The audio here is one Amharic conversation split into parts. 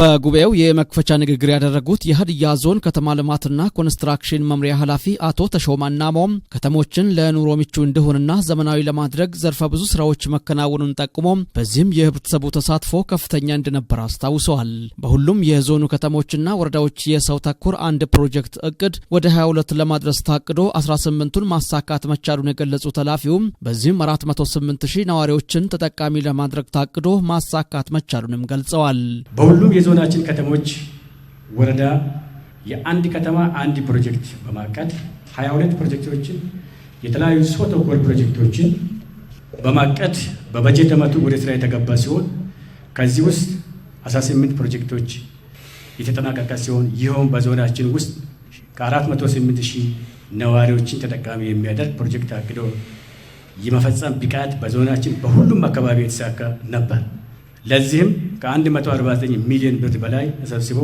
በጉባኤው የመክፈቻ ንግግር ያደረጉት የሀዲያ ዞን ከተማ ልማትና ኮንስትራክሽን መምሪያ ኃላፊ አቶ ተሾማ ናሞም ከተሞችን ለኑሮ ምቹ እንዲሆንና ዘመናዊ ለማድረግ ዘርፈ ብዙ ስራዎች መከናወኑን ጠቁሞ በዚህም የህብረተሰቡ ተሳትፎ ከፍተኛ እንደነበር አስታውሰዋል። በሁሉም የዞኑ ከተሞችና ወረዳዎች የሰው ተኮር አንድ ፕሮጀክት እቅድ ወደ 22 ለማድረስ ታቅዶ 18ቱን ማሳካት መቻሉን የገለጹት ኃላፊውም በዚህም 408 ሺህ ነዋሪዎችን ተጠቃሚ ለማድረግ ታቅዶ ማሳካት መቻሉንም ገልጸዋል። የዞናችን ከተሞች ወረዳ የአንድ ከተማ አንድ ፕሮጀክት በማቀድ 22 ፕሮጀክቶችን የተለያዩ ሰው ተኮር ፕሮጀክቶችን በማቀድ በበጀት ዓመቱ ወደ ስራ የተገባ ሲሆን ከዚህ ውስጥ 18 ፕሮጀክቶች የተጠናቀቀ ሲሆን ይኸውም በዞናችን ውስጥ ከ408 ሺህ ነዋሪዎችን ተጠቃሚ የሚያደርግ ፕሮጀክት አቅዶ የመፈጸም ብቃት በዞናችን በሁሉም አካባቢ የተሳካ ነበር። ለዚህም ከ149 ሚሊዮን ብር በላይ ተሰብስቦ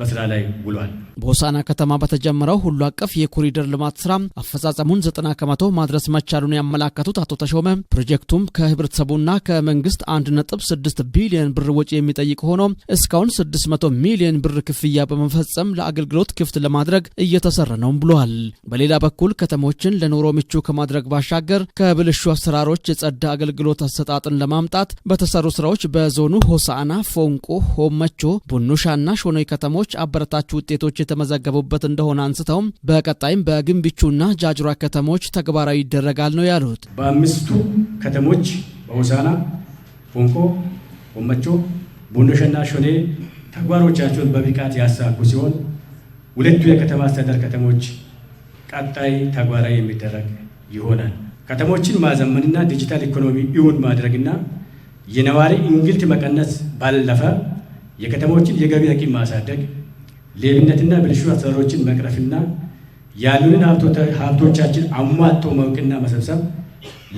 በስራ ላይ ውሏል። በሆሳና ከተማ በተጀመረው ሁሉ አቀፍ የኮሪደር ልማት ስራ አፈጻጸሙን ዘጠና ከመቶ ማድረስ መቻሉን ያመላከቱት አቶ ተሾመ ፕሮጀክቱም ከህብረተሰቡና ከመንግስት አንድ ስድስት ቢሊዮን ብር ወጪ የሚጠይቅ ሆኖ እስካሁን 6መቶ ሚሊዮን ብር ክፍያ በመፈጸም ለአገልግሎት ክፍት ለማድረግ እየተሰራ ነውም ብለዋል። በሌላ በኩል ከተሞችን ለኑሮ ምቹ ከማድረግ ባሻገር ከብልሹ አሰራሮች የጸዳ አገልግሎት አሰጣጥን ለማምጣት በተሰሩ ስራዎች በዞኑ ሆሳና፣ ፎንቆ፣ ሆመቾ፣ ቡኑሻና ሾኖይ ከተሞች አበረታች ውጤቶች የተመዘገቡበት እንደሆነ አንስተው በቀጣይም በግንብቹና ጃጅራ ከተሞች ተግባራዊ ይደረጋል ነው ያሉት። በአምስቱ ከተሞች በሆሳና፣ ፎንቆ፣ ሆመቾ፣ ቦንዶሸና ሾኔ ተግባሮቻቸውን በብቃት ያሳኩ ሲሆን ሁለቱ የከተማ አስተዳደር ከተሞች ቀጣይ ተግባራዊ የሚደረግ ይሆናል። ከተሞችን ማዘመንና ዲጂታል ኢኮኖሚ እውን ማድረግና የነዋሪ እንግልት መቀነስ ባለፈ የከተሞችን የገቢ አቅም ማሳደግ ሌብነትና ብልሹ አሰራሮችን መቅረፍና ያሉንን ሀብቶቻችን አሟጦ ማወቅና መሰብሰብ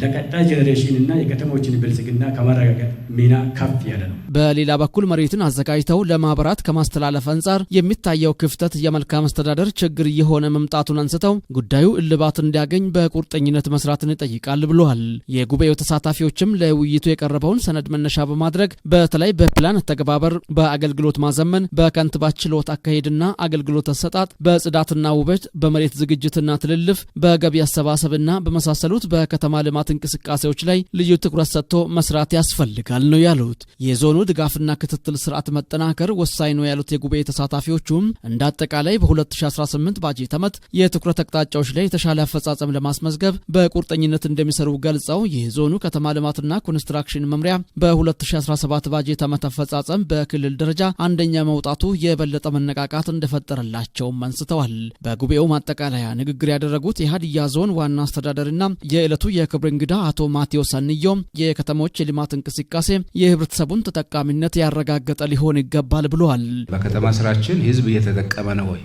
ለቀጣይ ጀኔሬሽን እና የከተሞችን ብልጽግና ከማረጋገጥ ሚና ከፍ ያለ ነው። በሌላ በኩል መሬትን አዘጋጅተው ለማህበራት ከማስተላለፍ አንጻር የሚታየው ክፍተት የመልካም አስተዳደር ችግር የሆነ መምጣቱን አንስተው ጉዳዩ እልባት እንዲያገኝ በቁርጠኝነት መስራትን ይጠይቃል ብለዋል። የጉባኤው ተሳታፊዎችም ለውይይቱ የቀረበውን ሰነድ መነሻ በማድረግ በተለይ በፕላን አተገባበር፣ በአገልግሎት ማዘመን፣ በከንቲባ ችሎት አካሄድና አገልግሎት አሰጣጥ፣ በጽዳትና ውበት፣ በመሬት ዝግጅትና ትልልፍ፣ በገቢ አሰባሰብና በመሳሰሉት በከተማ ልማት ልማት እንቅስቃሴዎች ላይ ልዩ ትኩረት ሰጥቶ መስራት ያስፈልጋል ነው ያሉት። የዞኑ ድጋፍና ክትትል ስርዓት መጠናከር ወሳኝ ነው ያሉት የጉባኤ ተሳታፊዎቹም እንደ አጠቃላይ በ2018 ባጀት ዓመት የትኩረት አቅጣጫዎች ላይ የተሻለ አፈጻጸም ለማስመዝገብ በቁርጠኝነት እንደሚሰሩ ገልጸው የዞኑ ከተማ ልማትና ኮንስትራክሽን መምሪያ በ2017 ባጀት ዓመት አፈጻጸም በክልል ደረጃ አንደኛ መውጣቱ የበለጠ መነቃቃት እንደፈጠረላቸውም አንስተዋል። በጉባኤው ማጠቃለያ ንግግር ያደረጉት የሀዲያ ዞን ዋና አስተዳደርና የዕለቱ የክብረ እንግዳ አቶ ማቴዎስ አንዮም የከተሞች የልማት እንቅስቃሴ የህብረተሰቡን ተጠቃሚነት ያረጋገጠ ሊሆን ይገባል ብለዋል። በከተማ ስራችን ህዝብ እየተጠቀመ ነው ወይ?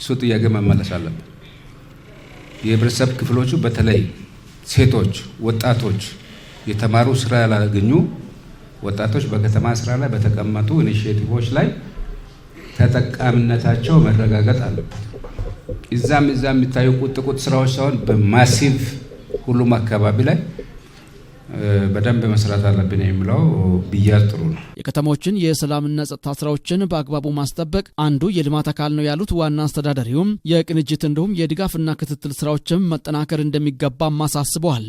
እሱ ጥያቄ መመለስ አለብን። የህብረተሰብ ክፍሎቹ በተለይ ሴቶች፣ ወጣቶች፣ የተማሩ ስራ ያላገኙ ወጣቶች በከተማ ስራ ላይ በተቀመጡ ኢኒሽቲቮች ላይ ተጠቃሚነታቸው መረጋገጥ አለበት። እዛም እዛ የሚታዩ ቁጥቁጥ ስራዎች ሳይሆን በማሲቭ ሁሉም አካባቢ ላይ በደንብ መስራት አለብን የሚለው ብያዝ ጥሩ ነው። የከተሞችን የሰላምና ጸጥታ ስራዎችን በአግባቡ ማስጠበቅ አንዱ የልማት አካል ነው ያሉት ዋና አስተዳደሪውም የቅንጅት እንዲሁም የድጋፍና ክትትል ስራዎችም መጠናከር እንደሚገባም አሳስበዋል።